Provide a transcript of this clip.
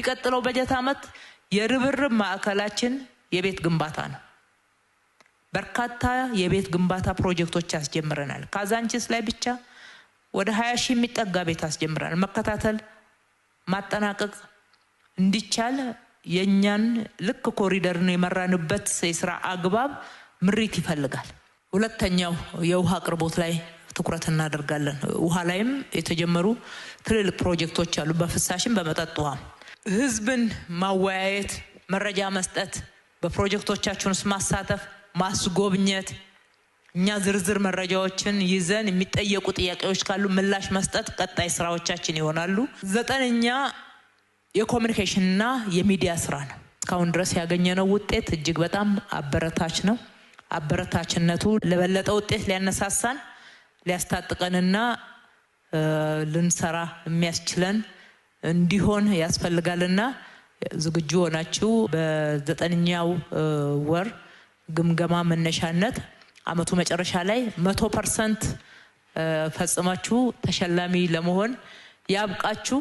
የሚቀጥለው በጀት ዓመት የርብርብ ማዕከላችን የቤት ግንባታ ነው። በርካታ የቤት ግንባታ ፕሮጀክቶች ያስጀምረናል። ካዛንቺስ ላይ ብቻ ወደ ሀያ ሺህ የሚጠጋ ቤት አስጀምረናል። መከታተል ማጠናቀቅ እንዲቻል የእኛን ልክ ኮሪደርን የመራንበት የስራ አግባብ ምሪት ይፈልጋል። ሁለተኛው የውሃ አቅርቦት ላይ ትኩረት እናደርጋለን። ውሃ ላይም የተጀመሩ ትልልቅ ፕሮጀክቶች አሉ፣ በፍሳሽም በመጠጥ ውሃም ህዝብን ማወያየት፣ መረጃ መስጠት፣ በፕሮጀክቶቻችን ውስጥ ማሳተፍ፣ ማስጎብኘት እኛ ዝርዝር መረጃዎችን ይዘን የሚጠየቁ ጥያቄዎች ካሉ ምላሽ መስጠት ቀጣይ ስራዎቻችን ይሆናሉ። ዘጠነኛ የኮሚኒኬሽንና የሚዲያ ስራ ነው። እስካሁን ድረስ ያገኘነው ውጤት እጅግ በጣም አበረታች ነው። አበረታችነቱ ለበለጠ ውጤት ሊያነሳሳን ሊያስታጥቀንና ልንሰራ የሚያስችለን እንዲሆን ያስፈልጋልና ዝግጁ ሆናችሁ በዘጠነኛው ወር ግምገማ መነሻነት አመቱ መጨረሻ ላይ መቶ ፐርሰንት ፈጽማችሁ ተሸላሚ ለመሆን ያብቃችሁ።